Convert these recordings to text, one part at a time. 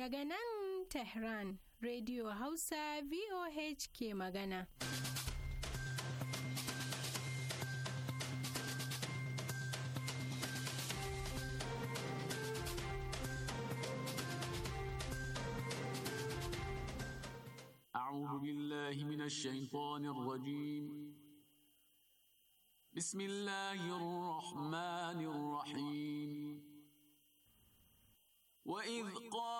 Daga nan Tehran, Radio Hausa, VOH ke magana. أعوذ بالله من الشيطان الرجيم. بسم الله الرحمن الرحيم. وإذ قال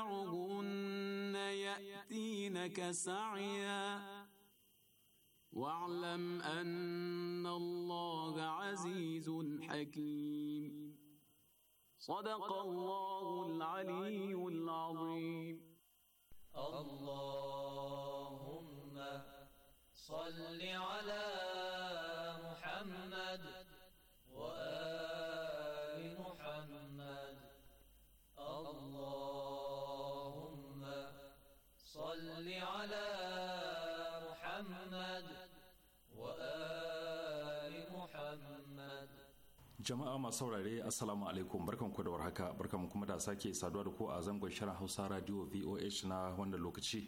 تدعهن يأتينك سعيا واعلم أن الله عزيز حكيم صدق الله العلي العظيم اللهم صل على محمد وآل اللهم صل على محمد وآل jama'a masu saurare assalamu alaikum barkanku da warhaka barkanku kuma da sake saduwa da ku a zangon shirin hausa radio voh na wannan lokaci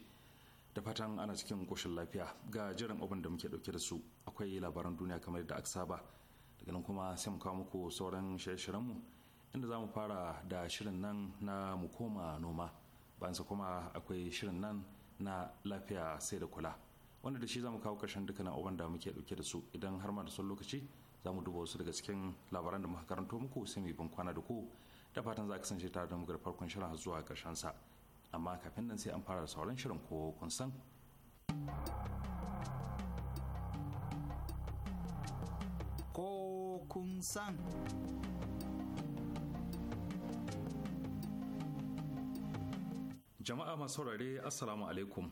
da fatan ana cikin koshin lafiya ga jiran abin da muke dauke da su akwai labaran duniya kamar da aka saba daga nan kuma sai mu kawo muku sauran shirye-shiryenmu inda za mu fara da shirin nan na mu koma noma bayansa kuma akwai shirin nan na lafiya sai da kula wanda da shi za mu kawo ƙarshen dukkanin abubuwan da muke ɗauke da su idan har ma da son lokaci za mu duba wasu daga cikin labaran da muka karanto muku sai mu bin kwana da ku da fatan za san kasance tare da mu da farkon shirin zuwa karshen sa amma kafin nan sai an fara da sauran shirin ko kun san ko kun san Jama'a masu saurare Assalamu alaikum.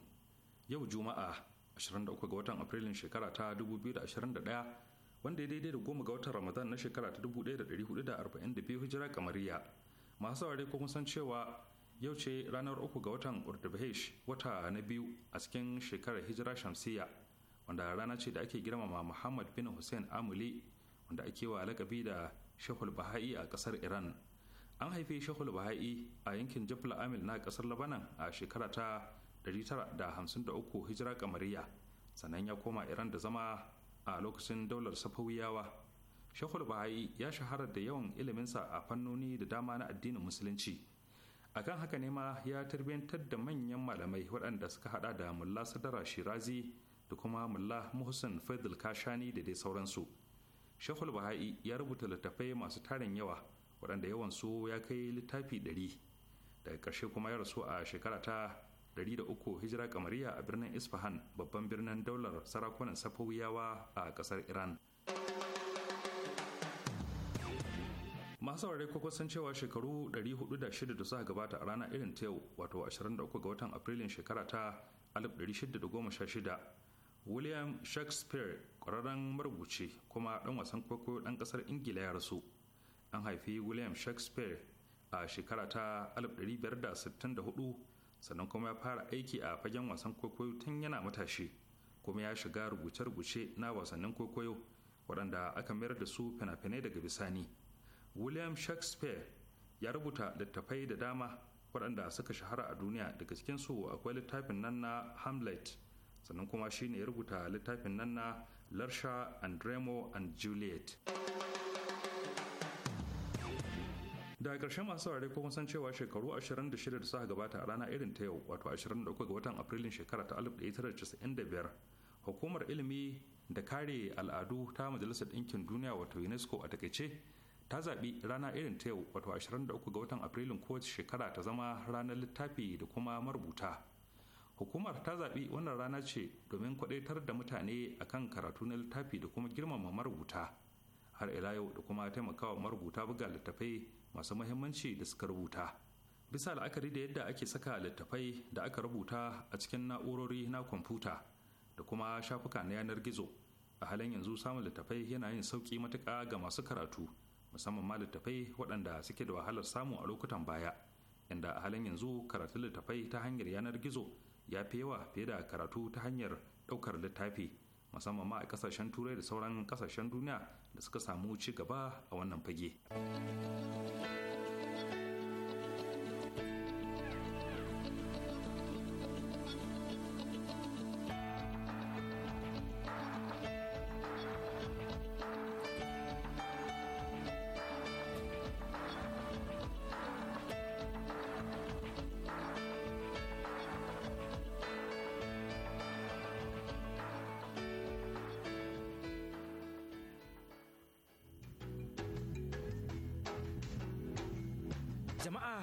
Yau Juma'a 23 ga watan Afrilun shekara ta 2021 wanda ya daidai da goma ga watan Ramadan na shekara ta 1442 hijira kamariya. Masu saurare kuma san cewa yau ce ranar uku ga watan Urdubahesh wata na biyu a cikin shekarar hijira shamsiya wanda rana ce da ake girmama Muhammad bin Hussein Amuli wanda ake wa lakabi da Shehul Baha'i a kasar Iran. an haife shehul baha'i a yankin jabla amil na kasar labanan a shekara ta 953 hijira kamariya sannan ya koma iran da zama a lokacin daular safawiyawa shehul baha'i ya shahara da yawan iliminsa a fannoni da dama na addinin musulunci akan haka ne ma ya tarbiyantar da manyan malamai waɗanda suka hada da mulla sadara shirazi da kuma mulla muhsin faidul kashani da dai sauransu shehul baha'i ya rubuta littattafai masu tarin yawa waɗanda yawan yawansu ya kai littafi ɗari daga ƙarshe kuma ya rasu a shekara ta 103 hijira kamariya a birnin isfahan babban birnin daular sarakunan safawiyawa a ƙasar iran masu saurare ko kusan cewa shekaru 406 da suka gabata a ranar irin ta yau wato 23 ga watan afrilun shekara ta 1616 william shakespeare ƙwararren marubuci kuma ɗan wasan kwaikwayo ɗan ƙasar ingila ya rasu an haifi william shakespeare a shekara ta 1564 sannan kuma ya fara aiki a fagen wasan kwaikwayo tun yana matashi kuma ya shiga rubuce-rubuce na wasannin kwaikwayo waɗanda aka mayar da su fina-finai daga bisani william shakespeare ya rubuta littattafai da dama waɗanda suka shahara a duniya daga cikinsu akwai littafin nan na hamlet sannan kuma shine ya rubuta littafin nan na larsha and remo and juliet da ƙarshe masu saurare ko san cewa shekaru 26 da suka gabata a rana irin ta yau wato 23 ga watan Afrilun shekara ta 1995 hukumar ilimi da kare al'adu ta majalisar ɗinkin duniya wato UNESCO a takaice ta zaɓi rana irin ta yau wato 23 ga watan Afrilun kowace shekara ta zama ranar littafi da kuma marubuta. hukumar ta zaɓi wannan rana ce domin kwadaitar da mutane akan karatu na littafi da kuma girmama marubuta har ila yau da kuma taimakawa marubuta buga littafai masu muhimmanci da suka rubuta bisa la'akari da yadda ake saka littafai da aka rubuta a cikin na'urori na kwamfuta da kuma shafuka na yanar gizo a halin yanzu samun littattafai yana yin sauƙi matuƙa ga masu karatu musamman ma littattafai waɗanda suke da wahalar samu a lokutan baya inda a halin yanzu karatun littattafai ta hanyar yanar gizo ya fi yawa fiye da karatu ta hanyar ɗaukar littafi musamman ma a kasashen turai da sauran kasashen duniya da suka samu ci gaba a wannan fage.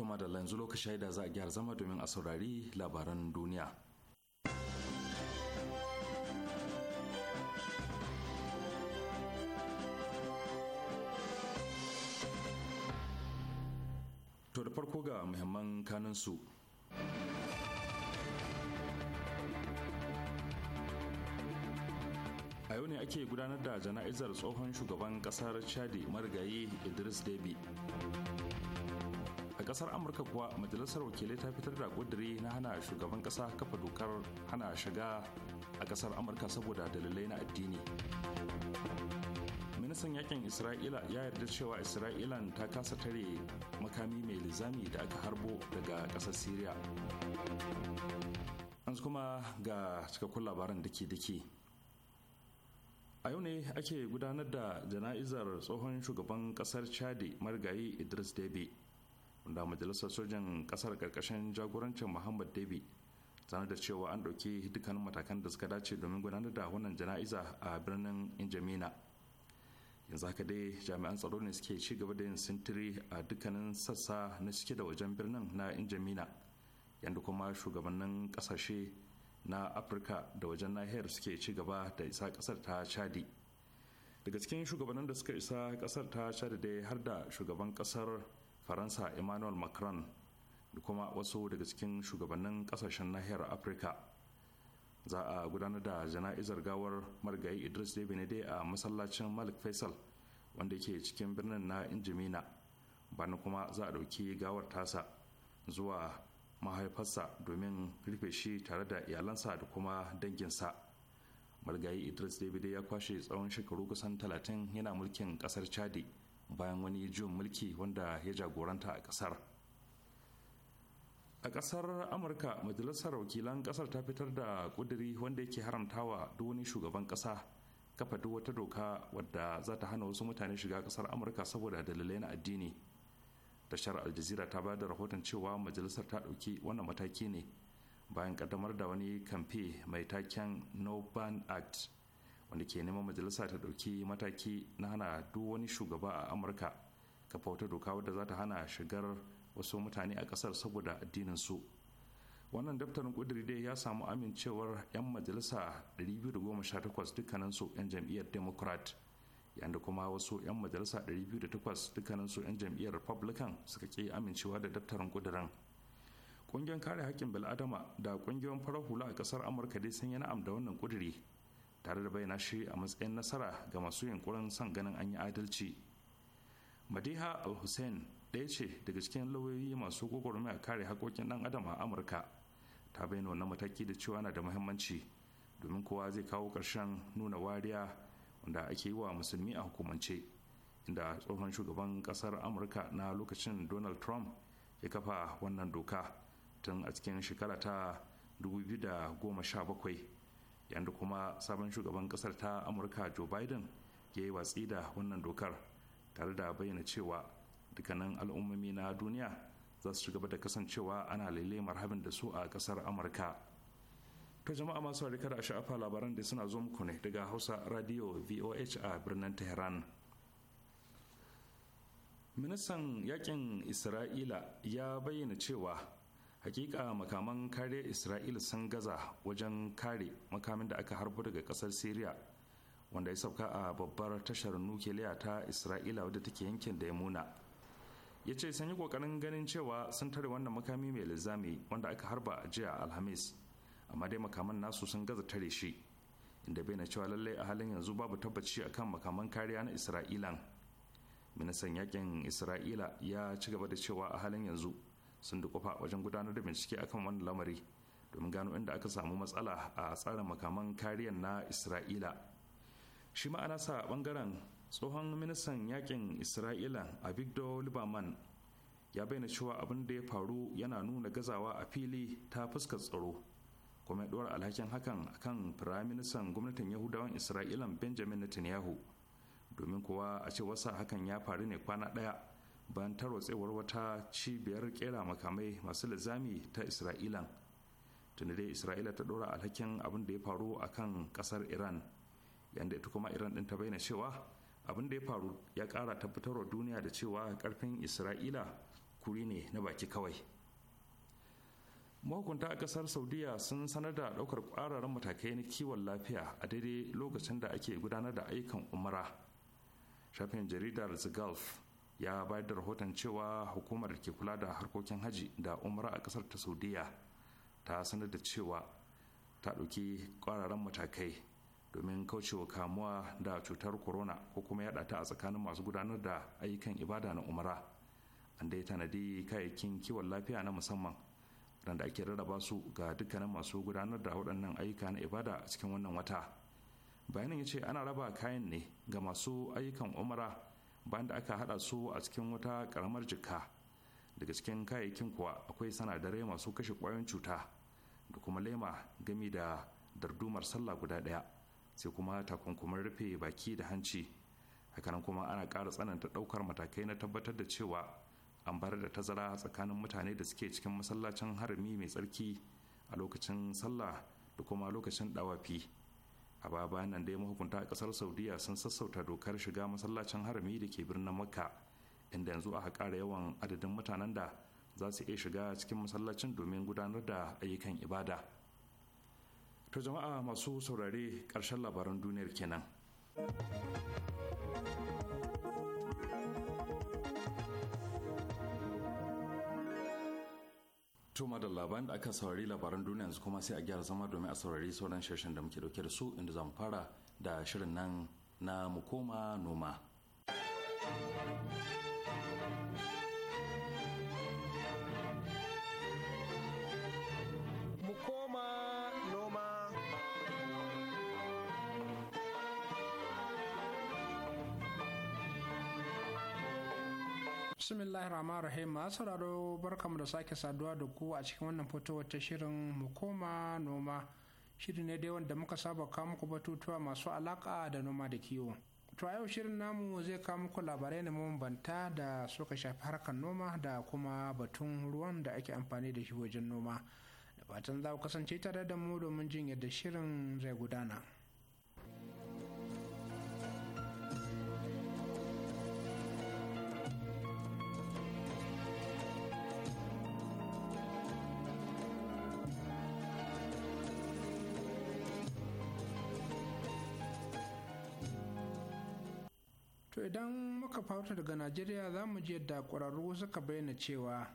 To da yanzu lokaci da za a gyara zama domin a saurari labaran duniya. To da farko ga muhimman kanunsu. a yau ne ake gudanar da jana'izar tsohon shugaban kasar chadi marigayi idris debi kasar amurka kuwa majalisar wakilai ta fitar da kudiri na hana shugaban kasa kafa dokar hana shiga a kasar amurka saboda dalilai na addini ministan yakin isra'ila ya yarda cewa isra'ilan ta kasa tare makami mai lizami da aka harbo daga kasar syria an kuma ga cikakkun labaran dake-dake a yau ne ake gudanar da jana'izar tsohon shugaban kasar chadi marigayi idris debe da majalisar sojan kasar karkashin jagorancin muhammad dabi sanar da cewa an ɗauki dukkanin matakan da suka dace domin gudanar da wannan jana'iza a birnin injamina yanzu haka dai jami'an tsaro ne suke ci gaba da yin sintiri a dukkanin sassa na cike da wajen birnin na injamina yadda kuma shugabannin kasashe na afirka da wajen nahiyar suke ci gaba da isa kasar ta chadi daga cikin shugabannin da suka isa kasar ta chadi dai har da shugaban kasar faransa emmanuel macron da kuma wasu daga cikin shugabannin kasashen nahiyar afirka za a gudanar da jana'izar gawar marigayi idris de benede a masallacin malik faisal wanda ke cikin birnin na injimina bana kuma za a ɗauki gawar tasa zuwa mahaifarsa domin rufe shi tare da iyalansa da kuma danginsa marigayi idris david ya kwashe tsawon shekaru kusan 30 yana mulkin kasar chadi bayan wani juyin mulki wanda ya jagoranta a kasar a kasar amurka majalisar wakilan kasar ta fitar da kuduri wanda yake haramtawa duk wani shugaban kasa kafa duk wata doka wadda za ta hana wasu mutane shiga kasar amurka saboda dalilai na addini tashar aljazira ta ba da rahoton cewa majalisar ta ɗauki wannan mataki ne bayan kaddamar da wani kamfe mai taken no ban act wanda ke neman majalisa ta ɗauki mataki na hana duk wani shugaba a amurka kafa wata doka wadda za ta hana shigar wasu mutane a kasar saboda addinin su wannan daftarin kudiri dai ya samu amincewar 'yan majalisa 218 dukkaninsu 'yan jam'iyyar democrat yanda kuma wasu 'yan majalisa 208 dukkaninsu 'yan jam'iyyar republican suka ke amincewa da daftarin ƙudirin ƙungiyar kare haƙƙin bil'adama da ƙungiyoyin farar hula a ƙasar amurka dai sun yi na'am da wannan kudiri tare da bayyana shi a matsayin nasara ga masu yunkurin son ganin an yi adalci madiha al-hussein ɗaya ce daga cikin lauyoyi masu a kare haƙoƙin ɗan adam a amurka ta bayyana wannan mataki da cewa na da muhimmanci domin kowa zai kawo ƙarshen nuna wariya wanda ake yi wa musulmi a hukumance inda tsohon shugaban ƙasar amurka na lokacin donald trump ya kafa wannan doka tun a cikin shekara ta 2017 yanda kuma sabon shugaban kasar ta amurka joe biden ya yi watsi da wannan dokar tare da bayyana cewa dukkanin al'ummomi na duniya za su gaba da kasancewa ana lele marhabin da su a kasar amurka to jama'a masu rika da sha'afa labaran da suna zo muku ne daga hausa radio voh a birnin tehran ministan yakin isra'ila ya bayyana cewa hakika makaman kare isra'ila sun gaza wajen kare makamin da aka harbo daga kasar syria wanda ya sauka a babbar tashar nukiliya ta isra'ila wadda take yankin da ya muna ya ce sun yi kokarin ganin cewa sun tare wannan makami mai lizami wanda aka harba a jiya alhamis amma dai makaman nasu sun gaza tare shi inda bai na cewa lallai a halin yanzu babu tabbaci a kan makaman kariya na isra'ilan Minisan yakin isra'ila ya ci gaba da cewa a halin yanzu sun dukufa wajen gudanar da bincike akan wannan lamari domin gano inda aka samu matsala a tsarin makaman kariyar na isra'ila shi ma'ana sa bangaren tsohon ministan yakin isra'ila abigdo liberman ya bayyana cewa abin da ya faru yana nuna gazawa a fili ta fuskar tsaro kuma ya alhakin hakan kan firaministan gwamnatin yahudawan isra'ilan benjamin netanyahu domin kuwa a ce wasa hakan ya faru ne kwana ɗaya bayan tarwatsewar wata cibiyar kera makamai masu lizami ta isra'ilan tuni dai isra'ila ta ɗora alhakin abin da ya faru a kan ƙasar iran yadda ita kuma iran din ta bayyana cewa abin da ya faru ya ƙara tabbatarwa duniya da cewa ƙarfin isra'ila kuri ne na baki kawai mahukunta a kasar saudiya sun sanar da daukar kwararren matakai na kiwon lafiya a daidai lokacin da ake gudanar da ayyukan umara shafin jaridar the gulf ya bayar da rahoton cewa hukumar ke kula da harkokin haji da umra a kasar ta saudiya ta sanar da cewa ta ɗauki ƙwararren matakai domin kaucewa kamuwa da cutar corona ko kuma yaɗa ta a tsakanin masu gudanar da ayyukan ibada na umra an dai tanadi kayayyakin kiwon lafiya na musamman waɗanda ake rarraba su ga dukkanin masu gudanar da waɗannan ayyuka na ibada a cikin wannan wata bayanin ya ce ana raba kayan ne ga masu ayyukan umra Banda aka hada su a cikin wata karamar jika daga cikin kayayyakin kuwa akwai sanadarai masu kashe kwayoyin cuta da kuma lema gami da dardumar sallah guda daya sai kuma takunkumin rufe baki da hanci hakanan kuma ana ƙara tsananta ɗaukar matakai na tabbatar da cewa an bar da tazara tsakanin mutane da suke cikin masallacin harami mai tsarki a lokacin sallah da kuma lokacin dawafi a baya bayan nan dai mahukunta a kasar saudiya sun sassauta dokar shiga masallacin harami da ke birnin makka inda yanzu a haƙara yawan adadin mutanen da za su iya shiga cikin masallacin domin gudanar da ayyukan ibada to jama'a masu saurare ƙarshen labaran duniyar kenan Tuma da labaran da aka saurari labaran duniya yanzu kuma sai a gyara zama domin a saurari sauran shirshen da muke dauke da su inda zamu fara da shirin nan na mu koma noma. bismillahir rahmanir rahim masu sauraro barkamu da sake saduwa da ku a cikin wannan fitowar ta shirin mu koma noma shiri ne dai wanda muka saba kawo muku batutuwa masu alaka da noma da kiwo to a yau shirin namu zai kawo muku labarai na mabambanta da suka shafi harkar noma da kuma batun ruwan da ake amfani da shi wajen noma da fatan za ku kasance tare da mu domin jin yadda shirin zai gudana. idan muka farta daga najeriya za mu ji yadda ƙwararru suka bayyana cewa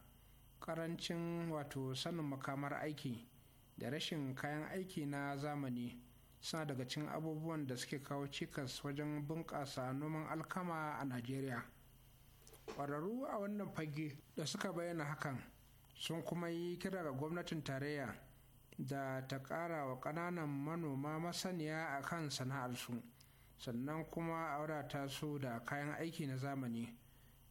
ƙarancin wato sanin makamar aiki da rashin kayan aiki na zamani suna daga cin abubuwan da suke kawo cikas wajen bunƙasa noman alkama a najeriya ƙwararru a wannan fage da suka bayyana hakan sun kuma yi kira ga gwamnatin tarayya da ta ƙara wa ƙananan manoma masaniya a kan sana'arsu sannan kuma a wadata su da kayan aiki na zamani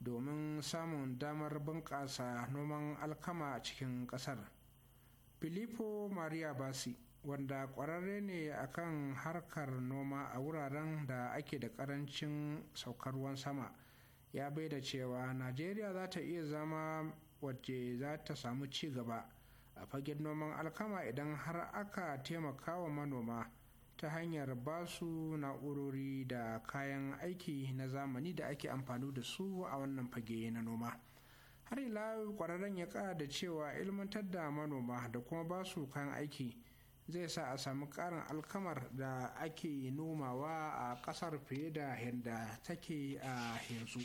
domin samun damar bunƙasa noman alkama a cikin ƙasar filippo maria basi wanda ƙwararre ne a kan harkar noma a wuraren da ake da ƙarancin saukar ruwan sama ya bai da cewa najeriya za ta iya zama waje za ta samu ci gaba a fagen noman alkama idan har aka taimaka wa manoma ta hanyar ba su na'urori da kayan aiki na zamani da ake amfani da su a wannan fage na noma har ila kwararren ya ƙara da cewa ilmantar da manoma da kuma ba su kayan aiki zai sa a sami ƙarin alkamar da ake nomawa a ƙasar fiye da yadda take a yanzu.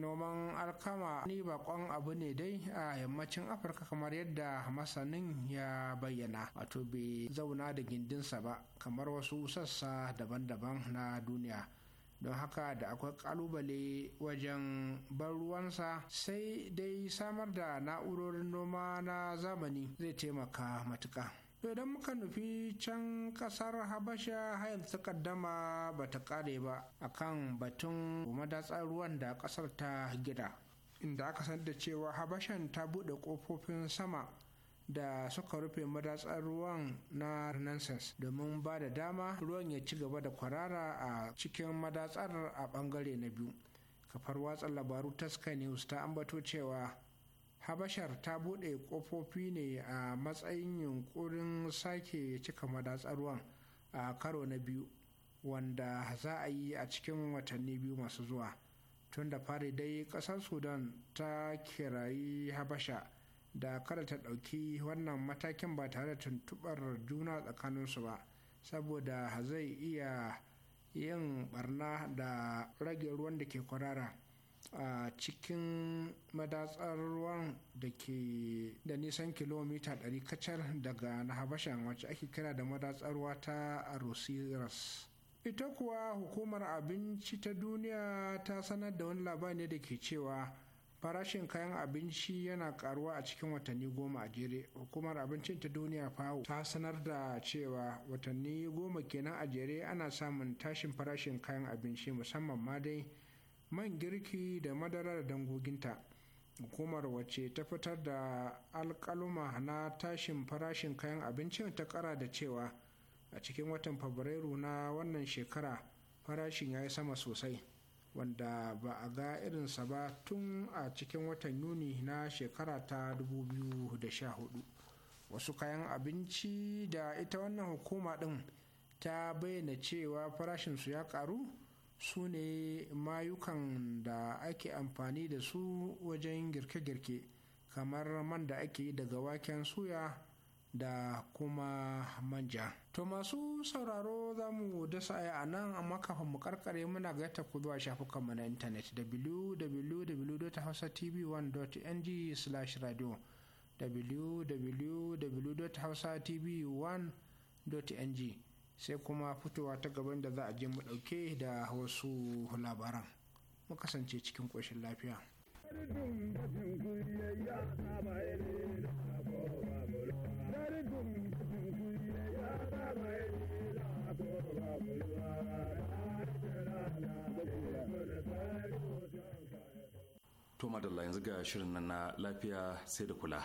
noman alkama ni bakon abu ne dai a yammacin afirka kamar yadda masanin ya bayyana wato bai zauna da gindinsa ba kamar wasu sassa daban-daban na duniya don haka da akwai kalubale wajen ban ruwansa sai dai samar da na'urorin noma na zamani zai taimaka matuka. to idan muka nufi can kasar habasha hayar kaddama ba ta kare ba A kan batun madatsar ruwan da kasar ta gida inda aka san da cewa habashan ta buɗe ƙofofin sama da suka rufe madatsar ruwan na renaissance domin ba da dama ruwan ya ci gaba da kwarara a cikin madatsar a bangare na biyu kafar watsa labaru ta news ta ambato cewa habashar ta buɗe ƙofofi ne a matsayin yunkurin sake cika madatsar ruwan a karo na biyu wanda za a yi a cikin watanni biyu masu zuwa tun da fari dai ƙasar sudan ta kirayi habasha da kada ta ɗauki wannan matakin ba tare da tuntuɓar juna tsakaninsu ba saboda zai iya yin barna da rage ruwan da ke kwarara a cikin madatsar ruwan da ke da nisan kilomita 100 kacar daga na habasha wacce ake kira da madatsar ruwa ta arosiras ita kuwa hukumar abinci ta duniya ta sanar da wani labari ne da ke cewa farashin kayan abinci yana karuwa a cikin watanni goma a jere hukumar abincin ta duniya fawo ta sanar da cewa watanni goma kenan a jere ana samun tashin farashin kayan abinci musamman ma dai man girki da madara da dangoginta hukumar wacce ta fitar da alkaluma na tashin farashin kayan abincin ta kara da cewa a cikin watan fabrairu na wannan shekara farashin ya yi sama sosai wanda ba a ga irinsa ba tun a cikin watan yuni na shekara ta 2014 wasu kayan abinci da ita wannan hukuma din ta bayyana cewa farashinsu ya karu su ne mayukan da ake amfani da su wajen girke-girke kamar man da ake yi daga waken suya da kuma manja. To masu sauraro za mu dasa aya a nan amma kafin mu karkare muna gaita ku zuwa shafukanmu na intanet www.hausatv1.ng/radio www.hausatv1.ng sai kuma fitowa ta gaban da za a je mu dauke da wasu labaran mu kasance cikin ƙoshin lafiya To madalla yanzu ga shirin na lafiya sai da kula.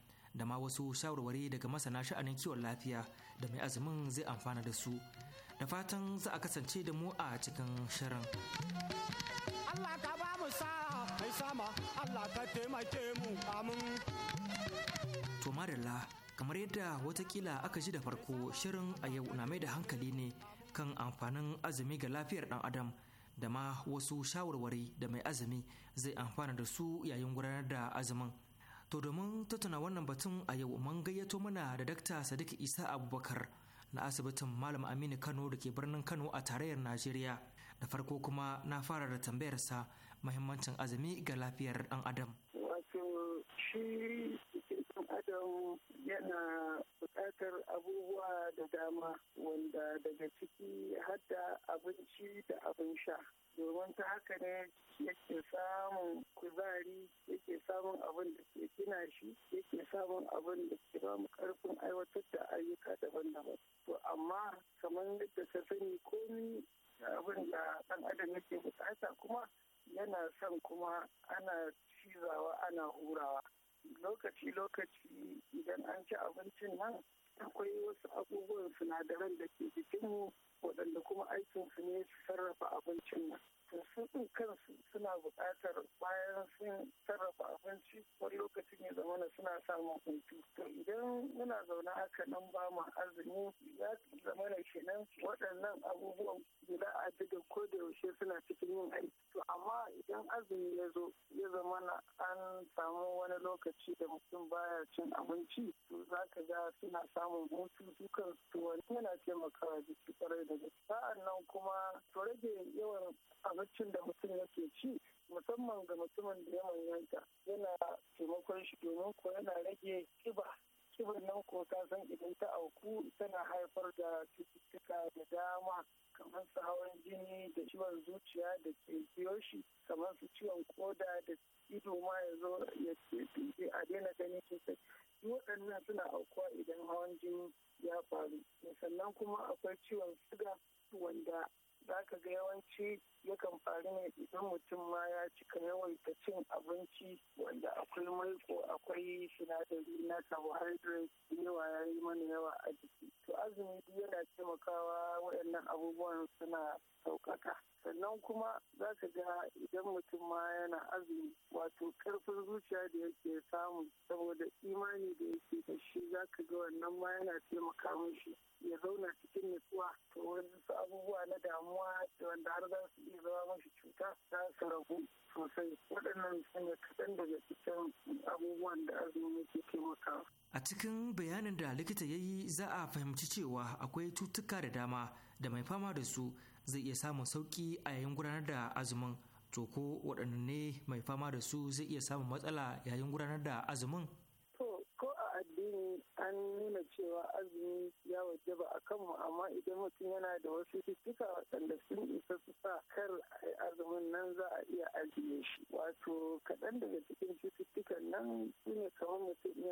da ma wasu shawarwari daga masana sha'anin kiwon lafiya da mai azumin zai amfana da su da fatan za a kasance da mu a cikin shirin Allah ka ba mu mai sama Allah ka taimake mu amin to madalla kamar yadda watakila aka ji da farko shirin a yau na mai da hankali ne kan amfanin azumi ga lafiyar dan adam da ma wasu shawarwari da mai azumi zai amfana da su yayin gudanar da azumin To domin tattauna wannan batun a yau mun gayyato mana da Dakta Sadiq Isa Abubakar na asibitin Malam Aminu Kano da ke birnin Kano a tarayyar Najeriya. Da farko kuma na fara da tambayarsa muhimmancin azumi ga lafiyar ɗan adam. Wato shi ɗan adam yana buƙatar abubuwa da dama wanda daga ciki hadda abinci da abin sha domin ta haka ne yake samun kuzari yake samun abin da ke gina shi yake samun abin da ke ba mu karfin aiwatar da ayyuka daban-daban to amma kamar yadda ka sani komi abin da ɗan adam yake bukata kuma yana son kuma ana cizawa ana hurawa lokaci-lokaci idan an ci abincin nan akwai wasu abubuwan sinadaran da ke jikinmu waɗanda kuma aikinsu ne su sarrafa abincin nan. su ɗin kansu suna buƙatar bayan sun sarrafa abinci wani lokacin ya zama na suna samun hutu to idan muna zaune haka nan ba mu azumi ya zama na kenan waɗannan abubuwan da ko da yaushe suna cikin yin aiki to amma idan azumi ya zo ya zama na an samu wani lokaci da mutum baya cin abinci to za ka ga suna samun hutu dukan su wani yana taimakawa jiki kwarai da gaske sa'an nan kuma to rage yawan abincin da mutum yake ci musamman ga mutumin da ya manyanta yana taimakon shi domin ko yana rage kiba kibar nan ko san idan ta auku tana haifar da cututtuka da dama kamar su hawan jini da ciwon zuciya da ke biyo shi kamar su ciwon koda da ido ma ya zo ya a daina gani sosai waɗannan suna aukuwa idan hawan jini ya faru sannan kuma akwai ciwon suga wanda za ka ga yawanci yakan faru ne idan mutum ma ya cika yawaita cin abinci wanda akwai mai ko akwai sinadari na carbohydrate yawa ya yi mana yawa a jiki to azumi yana taimakawa waɗannan abubuwan suna sauƙaƙa sannan kuma za ka ga idan mutum ma yana azumi wato karfin zuciya da yake samu saboda imani da yake da shi za ka ga wannan ma yana taimaka mishi ya zauna cikin nutsuwa to wasu abubuwa na damuwa da wanda har za su iya zama mashi cuta za su rabu sosai waɗannan su ne kaɗan daga cikin abubuwan da azumi yake taimakawa. A cikin bayanin da likita ya yi za a fahimci cewa akwai cutuka da dama da mai fama da su zai iya samun sauki a yayin gudanar da azumin to ko waɗanne mai fama da su zai iya samun matsala yayin gudanar da azumin ko a addini an nuna cewa azumi ya wajaba a kanmu amma idan mutum yana da wasu cututtuka waɗanda sun isa su sa kar azumin nan za a iya ajiye shi wato kaɗan daga cikin cututtukan nan su ne kamar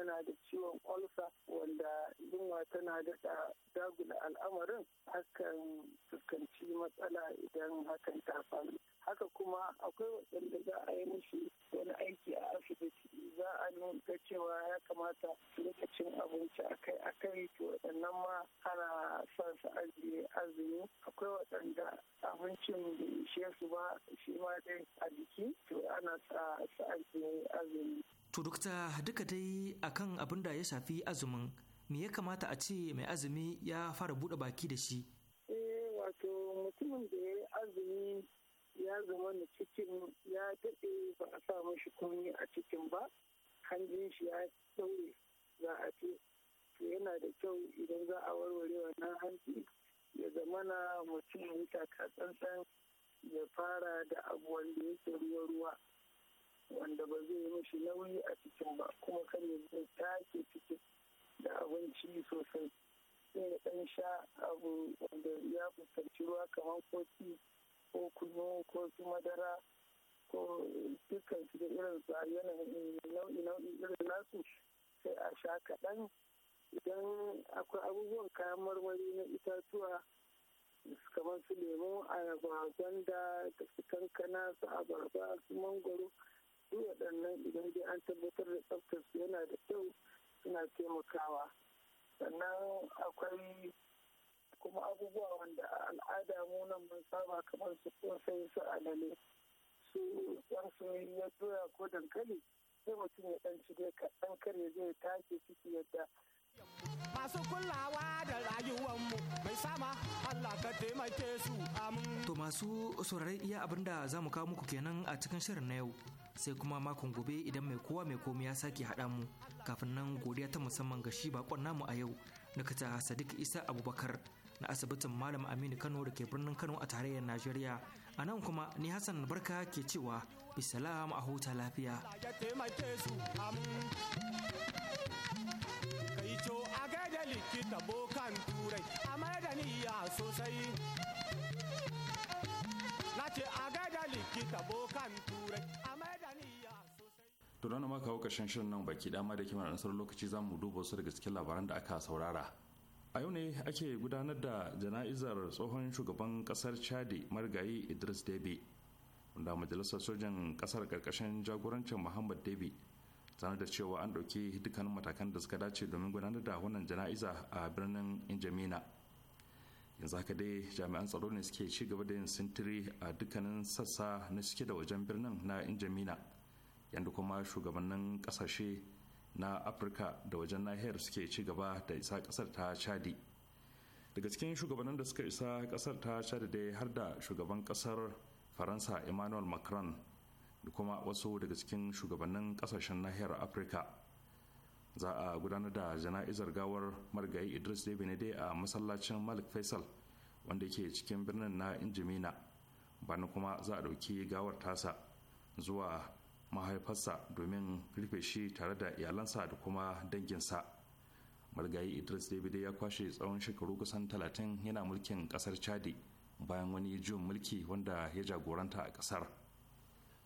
tana da ciwon olsa wanda yunwa tana daɗa dagula al'amarin hakan fuskanci matsala idan hakan ta faru haka kuma akwai waɗanda za a yi mushi wani aiki a asibiti za a nuna cewa ya kamata lokacin abinci akai akai to waɗannan ma ana son su ajiye azumi akwai waɗanda abincin da ishe su ba shi ma dai a jiki to ana sa su ajiye azumi To dokta duka dai akan abin da ya shafi azumin me ya kamata a ce mai azumi ya fara buɗe baki da shi? Eh wato mutumin da ya azumi ya zama cikin ya daɗe ba a sa mashi komi a cikin ba hanjin shi ya ɗaure za a ce to yana da kyau idan za a warware wannan hanji ya zama na mutum ya ya fara da abu wanda yake ruwa-ruwa mishi nauyi a cikin ba kuma kan ya zai take ciki da abinci sosai sai ya ɗan sha abu wanda ya fuskanci ruwa kamar kofi ko kunu ko su madara ko dukkan su da irin su a yanayin nau'i nau'i irin nasu sai a sha kaɗan idan akwai abubuwan kayan marmari na itatuwa kamar su lemu ayaba gwanda da su kankana su abarba su mangoro su waɗannan idan dai an tabbatar da tsaftar su yana da kyau suna taimakawa sannan akwai kuma abubuwa wanda al'ada mu nan mun saba kamar su kosai su alale su ɗan su ya doya ko dankali sai mutum ya ɗan ci dai kaɗan kar zai tashi ciki yadda masu kulawa da rayuwanmu mai sama Allah ka taimake su amin. To masu sauraron iya abinda za mu kawo muku kenan a cikin shirin na yau sai kuma makon gobe idan mai kowa mai komi ya sake haɗa mu kafin nan godiya ta musamman ga shi bakon namu a yau nakata sadiq isa abubakar na asibitin malam aminu kano da ke birnin kano a tarayyar najeriya a nan kuma ni hassan barka ke cewa bisalam a huta lafiya Kaito turai a na ce a likita bokan turai to don ma kawo ƙarshen shirin nan baki dama da kimar nasarar lokaci za mu duba wasu daga cikin labaran da aka saurara a yau ne ake gudanar da jana'izar tsohon shugaban kasar chadi margayi idris debi wanda majalisar sojan ƙasar karkashin jagorancin muhammad debi sanar da cewa an ɗauki dukkanin matakan da suka dace domin gudanar da wannan jana'iza a birnin injamina yanzu haka dai jami'an tsaro ne suke ci gaba da yin sintiri a dukkanin sassa na cike da wajen birnin na injamina yadda kuma shugabannin kasashe na afirka da wajen nahiyar suke ci gaba da isa kasar ta chadi daga cikin shugabannin da suka isa kasar ta chadi dai har da shugaban kasar faransa emmanuel macron da kuma wasu daga cikin shugabannin kasashen nahiyar afirka za a gudanar da jana'izar gawar marigayi idris da benede a masallacin malik faisal wanda ke cikin birnin na injimina bana kuma za a ɗauki gawar tasa zuwa mahaifarsa domin rufe shi tare da iyalansa da kuma danginsa marigayi idris david ya kwashe tsawon shekaru kusan talatin yana mulkin kasar chadi bayan wani juyin mulki wanda ya jagoranta a kasar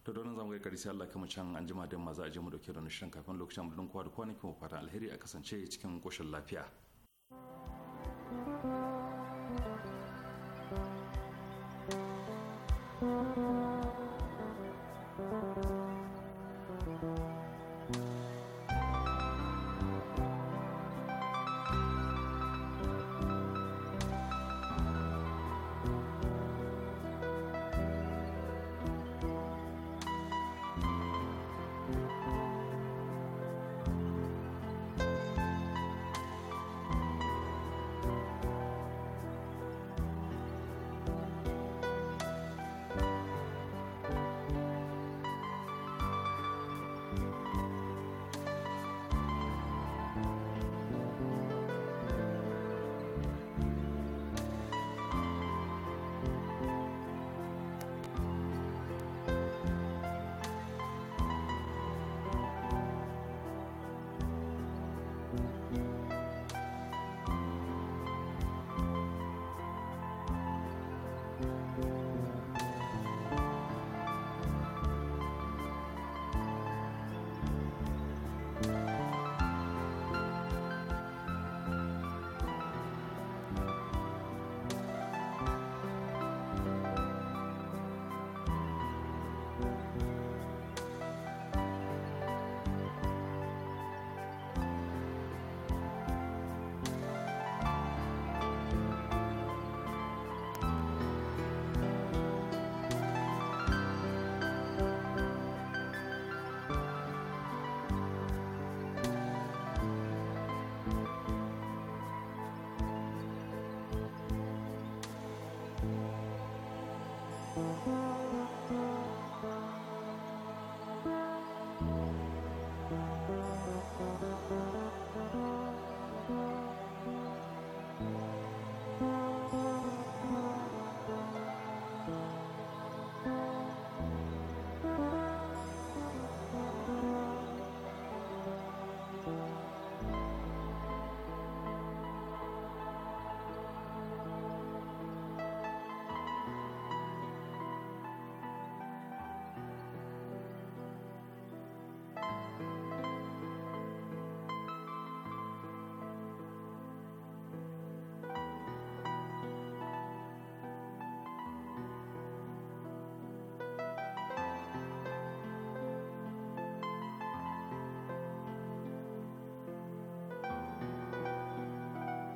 to don zamu ga sai Allah kuma can an jima da maza a je mu dauke da nishin kafin lokacin mu kowa da kwanakin mu fatan alheri a kasance cikin koshin lafiya thank you Música